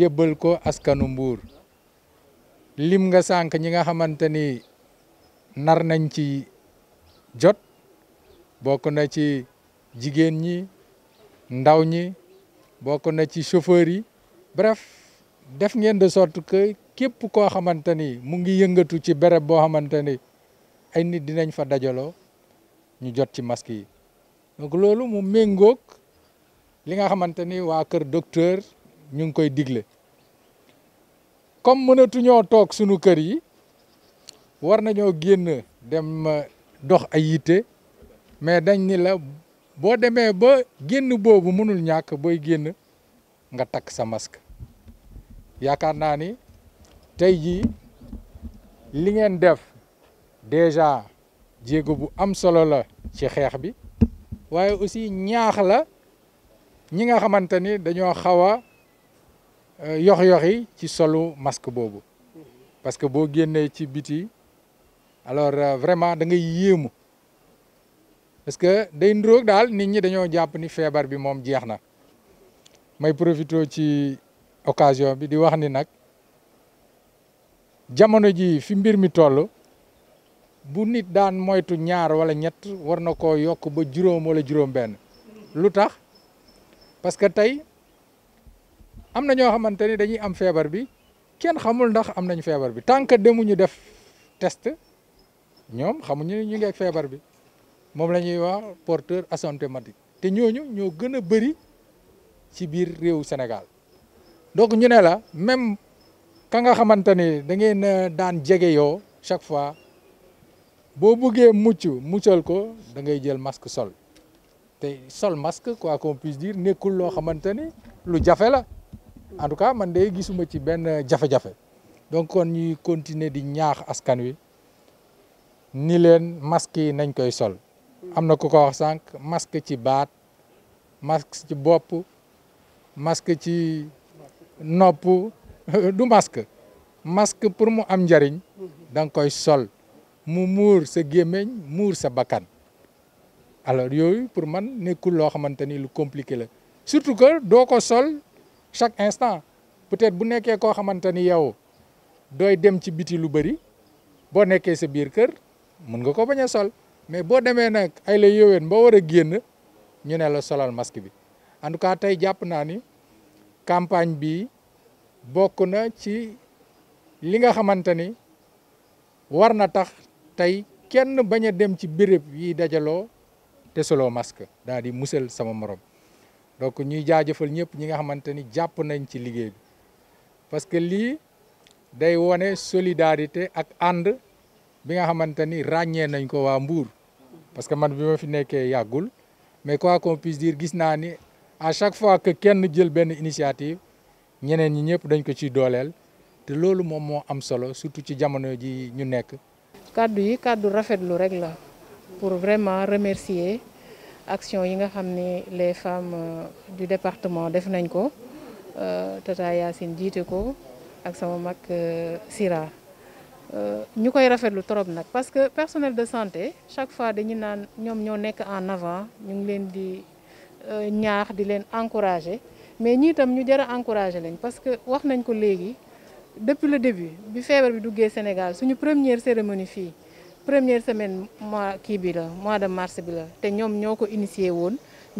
jébbal ko askanu mbuur lim nga sank ñi nga xamanteni nar nañ ci jot bokku na ci jigen ñi ndaw ñi bokku na ci chauffeur yi bref def ngeen de sorte que képp ko xamanteni mu ngi yëngatu ci béréb bo xamanteni ay nit dinañ fa dajalo ñu jot ci masque yi donc lolu mu mengok li nga xamanteni wa docteur ñu ngi koy digle comme mënatuñoo toog sunu kër yi war nañoo génn dem euh, dox ay yitte mais dañ ni la boo demee ba génn boobu mënul ñàkk booy génn nga takk sa masque yaakaar naa ni tey jii li ngeen def déjà jéego bu am solo la ci xeex bi waaye aussi ñaax la ñi nga xamante ni dañoo xaw a yor-yor euh, ci solo masque bobu parce que bo guenné ci biti alors euh, vraiment da ngay yéemu parce que day ndrok dal nit ñi dañoo japp ni fièvre bi mom jeex may profito ci occasion bi di wax ni nak jamono ji fi mbir mi tollu bu nit daan moytu ñaar wala ñett war na ba juroom wala juroom ben lutax parce que tay am na ñoo xamante ni dañuy am feebar bi kenn xamul ndax am nañ feebar bi tant que demuñu def test ñoom xamuñu ñu ngi ak feebar bi moom la ñuy wax porteur asymptomatique te ñooñu ñoo gën a bëri ci biir réewu Sénégal donc ñu ne la même ka nga xamante ni da ngeen daan jege yoo chaque fois boo bëggee mucc muccal ko da ngay jël masque sol te sol masque quoi qu'on puisse dire nekkul loo xamante ni lu jafe la. en tout cas man day gisuma ci ben jafe-jafe eh, donc kon ñi continuer di ñaax askan wi ni len masque nañ koy sol amna na ku ko wax sank masque ci baat masque ci bop masque ci nopp du masque masque pour mu am jariñ dang koy sol mu mur sa gemeñ mur sa bakan alors yoy pour man nekul lo xamanteni lu compliqué la surtout que doo sol chaque instant peut-être bu nekké ko xamanteni yow doy dem ci biti lu bari bo nekké sa biir kër mën nga ko baña sol mais bo démé nak ay lay ba wara génn ñu ne la solal masque bi en tout cas tay japp na ni campagne bi bokku na ci li nga xamanteni warna tax tay kenn baña dem ci béréb yi dajalo te solo masque daal di mussel sama morom donc ñuy jaajeufal ñepp ñi nga xamanteni japp nañ ci liggéey bi parce que li day woné solidarité ak and bi nga xamanteni ragné nañ ko wa Mbour parce que man bima fi nekké yagul mais quoi qu'on puisse dire gis naa ni à chaque fois que kenn jël ben initiative ñeneen ñi ñepp dañ ko ci dolel té loolu mom mo am solo surtout ci jamono ji ñu nekk. cadeau yi cadeau rafet lu rek la pour vraiment remercier. action yi nga xamné les femmes euh, du département def nañ ko euh, Tata yassine djité ko ak sama mak euh, Sira ñu koy rafetlu torop nak parce que personnel de santé chaque fois dañu naan ñom ñoo nek en avant ñu ngi leen di ñaax di leen encourager mais ñi tam ñu jar encourager lañ parce que wax nañ ko légui depuis le début bi feebar bi duggé Sénégal suñu première cérémonie fi première semaine mois ki bi la mois de mars bi la té ñom ñoko initier initié woon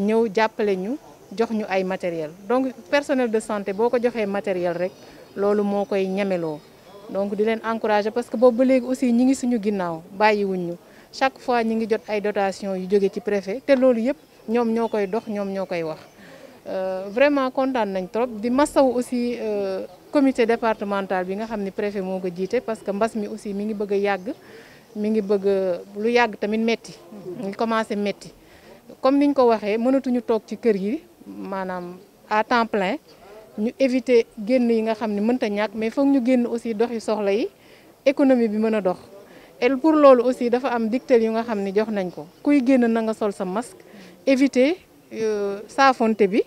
ñëw jàppale ñu jox ñu ay matériel donc personnel de santé boko joxé matériel rek lolu mo koy ñemeloo donc di len encourager parce que boobu ba léegi aussi ñi ngi suñu ginnaw bayyi wuñ ñu chaque fois ñi ngi jot ay dotation yu joggé ci préfet té lolu yépp ñom ñokoy dox ñom ñokoy wax euh vraiment kontaan nañ trop di massaw aussi euh comité départemental bi nga xamni préfet moko jité parce que mbass mi aussi mi ngi bëgg yagg mi ngi bëgg lu yàgg tamit metti mi ngi commencé metti comme niñ ko waxee mënatuñu toog ci kër yi maanaam à temps plein ñu éviter génn yi nga xam ne mënta ñàkk mais foog ñu génn aussi doxi soxla yi économie bi mën a dox el pour loolu aussi dafa am digteel yu nga xam ni jox nañ ko kuy génn na nga sol sa masque éviter euh, saafonte bi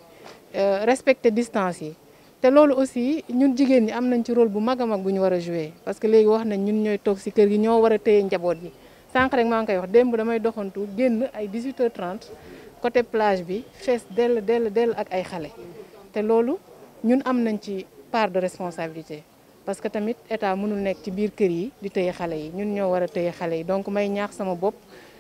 euh, respecter distance yi te lolu aussi ñun jigéen ñi am nañ ci rôle bu mag mag bu ñu wara jouer parce que légui wax nañ ñun ñoy tok ci kër gi ño wara a njabot njaboot gi rek ma ngi koy wax demb damay doxantu génn ay 18h30 côté plage bi fess del del del ak ay xalé té lolu ñun am nañ ci part de responsabilité parce que tamit état mënul nek ci biir kër yi di téye xalé yi ñun ño wara a xalé yi donc may ñaax sama bop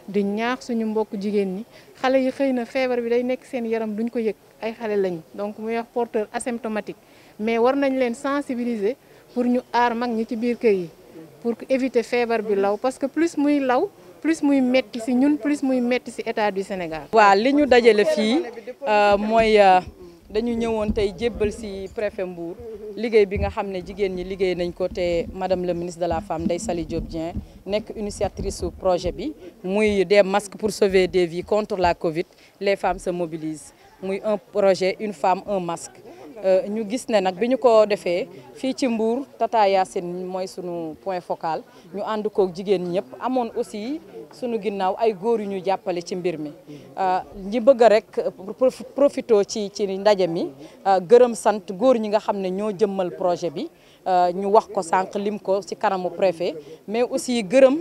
di ñaax suñu mbokk jigéen ñi xale yi xeyna na bi day nek seen yaram duñ ko yek ay xalé porteurs donc muy wax porteur asymptomatique mais war nañ sensibiliser pour ñu ñi ci pour éviter parce que plus muy law plus muy metti ci ñun plus muy metti ci état du Sénégal. wa li euh, euh, dañu ci préfet Mbour bi nga ñi madame le ministre de la femme initiatrice projet bi muy des masques pour sauver des vies contre la Covid les femmes se mobilisent un projet une femme un masque Nous euh, gis ko défé fi ci Mbour Tata Yassine, Nous suñu point focal ñu aussi suñu nous ay ñu qui ci mbir mi euh, ñi bëgg rek profito ci ci ndaje mi euh, sant ñi nga xamné jëmmal projet bi Nous wax ko sank lim ko ci préfet mais aussi gëreum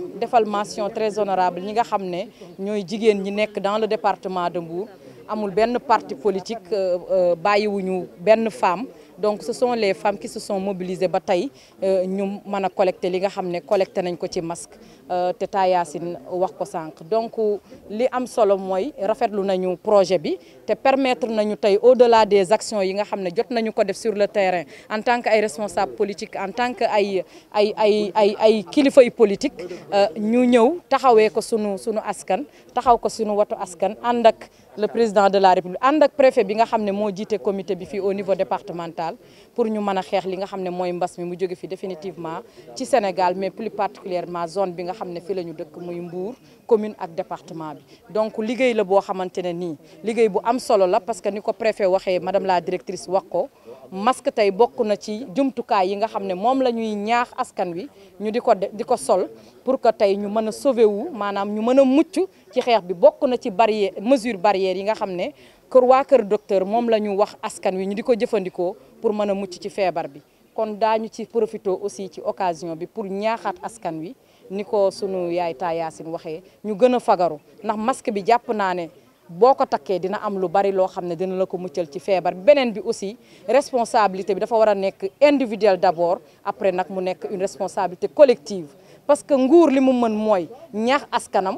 très honorable ñi nga xamné ñoy jigen ñi dans le département de Mbour amul benn parti politique euh, euh, bàyyiwuñu benn femme donc ce sont les femmes qui se sont mobilisées bataille tey euh, ñu mëna collecter li nga xamné collecter nañ ko ci masque euh, te Yassine wax ko sank. donc li am solo moy rafetlu nañu projet bi te permettre nañu tay au-delà des actions yi nga xamné jot nañu ko def sur le terrain en tant que ay responsable politique en tant que ay ay ay ay ay politique euh, ñu ñëw taxawé ko sunu sunu askan taxaw ko sunu watu askan Andak le président de la république andak préfet bi nga xamné mo jité comité bi fi au niveau départemental daal pour ñu mën xeex li nga xam ne mooy mbas mi mu jóge fi définitivement ci Sénégal mais plus particulièrement zone bi nga xam ne fi la ñu dëkk muy Mbour commune ak département bi donc liggéey la boo xamante ne liggéey bu am solo la parce que ni ko préfet waxee madame la directrice wax ko masque tey bokk na ci jumtukaay yi nga xam ne moom la ñuy ñaax askan wi ñu di ko di ko sol pour que tey ñu mën a sauver wu maanaam ñu mën a mucc ci xeex bi bokk na ci yi nga xam kër waa kër docteur moom la ñu wax askan wi ñu di ko jëfandikoo pour mën a mucc ci feebar bi kon daañu ci profité aussi ci occasion bi pour ñaaxaat askan wi ni ko sunu yaay taa Yaasin waxee ñu gën a fagaru ndax masque bi jàpp naa ne boo ko takkee dina am lu bari loo xam ne dina la ko muccal ci feebar beneen bi aussi responsabilité bi dafa war a nekk individuel d'abord après nag mu nekk une responsabilité collective parce que nguur li mu mën mooy ñaax askanam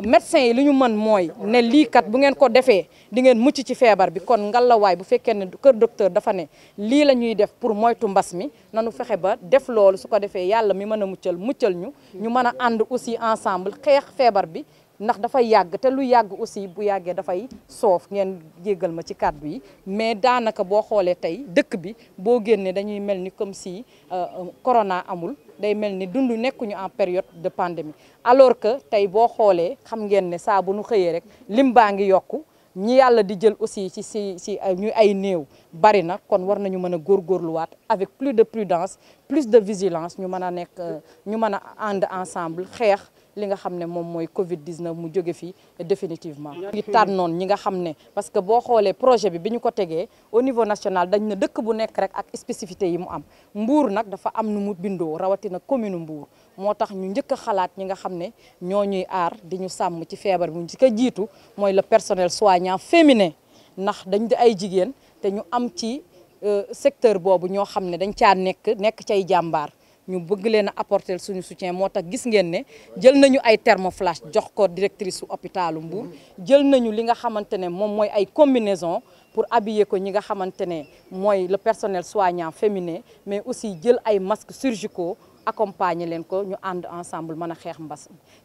médecin yi li ñu mën mooy ne lii kat bu ngeen ko defee di ngeen mucc ci feebar bi kon ngalawaay bu fekkee ne kër docteur dafa ne lii la ñuy def pour moytu mbas mi nanu fexe ba def loolu su ko defee yàlla mi mën a muccal muccal ñu ñu mën a ànd aussi ensemble xeex feebar bi ndax dafay yag te lu aussi bu dafay ma mais bo comme si euh, corona amul day en période de pandémie alors que tay bo xolé xam ngén né sa bu ñu xëyé rek yokku ñi aussi ci kon avec plus de prudence plus de vigilance ñu euh, ensemble li nga xam ne moom mooy Covid 19 mu jóge fi définitivement. ngi tànnoon ñi nga xam ne parce que boo xoolee projet bi bi ñu ko tegee au niveau national dañ na dëkk bu nekk rek ak spécifité yi mu am Mbour nag dafa am nu mu bindoo rawatina commune Mbour. moo tax ñu njëkk a xalaat ñi nga xam ne ñoo ñuy aar di ñu sàmm ci feebar bi ñu ci ko jiitu mooy le personnel soit soignant féminin ndax dañ di ay jigéen te ñu am ci euh, secteur boobu ñoo xam ne dañ caa nekk nekk cay jàmbaar. ñu bëgg apporter suñu soutien moo tax gis ngeen ne jël nañu ay thermoflash jox ko directrice su hôpitalu Mbour jël nañu li nga xamante ne moi mooy ay combinaison pour habiller ko ñi nga xamante ne le personnel soignant féminin mais aussi jël ay masque chirurgicaux accompagner leen ko ñu and ensemble mën a xeex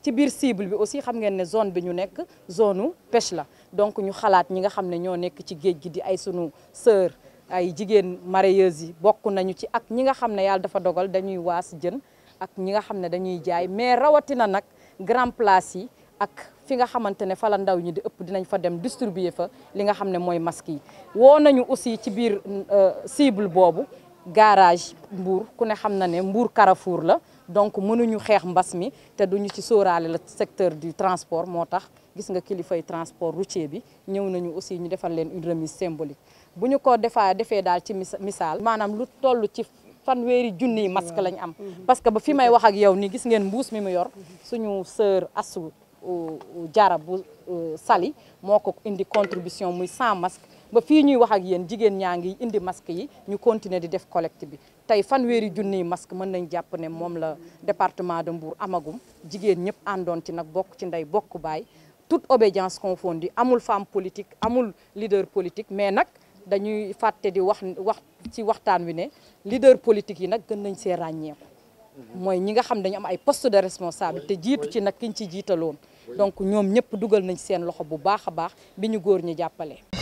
ci cible bi aussi xam ngeen zone bi ñu nekk zone pêche la donc ñu xalaat ñi nga xam ne ñoo nekk ci géej gi di ay sœur ay jigéen mareyeuses yi bokk nañu ci ak ñi nga xam ne yàlla dafa dogal dañuy waas jën ak ñi nga xam ne dañuy jaay mais rawatina nag grand place yi ak fi nga xamante ne fa la ndaw ñi di ëpp dinañ fa dem distribuer fa li nga xam ne mooy masque yi woo nañu aussi ci biir euh, cible boobu garage Mbour ku ne xam na ne Mbour Carrefour la donc mënuñu xeex mbas mi te duñu ci sóoraale la secteur du transport moo tax gis nga kilifay transport routier bi ñëw nañu aussi ñu defal leen une remise symbolique buñu ko défa défé dal ci misal manam lu tollu ci fanweeri junniy masque lañ am mhm. parce que ba fi may wax ak yow ni gis ngeen mbuus mi mu yor suñu sœur Astou Diarra bu Sali moko indi contribution muy 100 masques ba fi ñuy wax ak yeen jigen ñangi indi masque yi ñu continuer di def collecte bi tey fanweeri junniy masque mën nañ japp ne mom la département de Mbour amagum jigen ñep andon ci nak bok ci nday bokk bay toute obédience confondue amul femme politique amul leader politique mais nak dañuy fàtte di wax wax ci waxtaan wi ne leader politique yi nag gën nañ see ràññeeku. Mhm. mooy ñi nga xam dañu am ay poste de te jiitu ci nag kiñ ci jiitaloon donc ñoom ñëpp dugal nañ seen loxo bu baax a baax bi ñu góor ñu jàppale.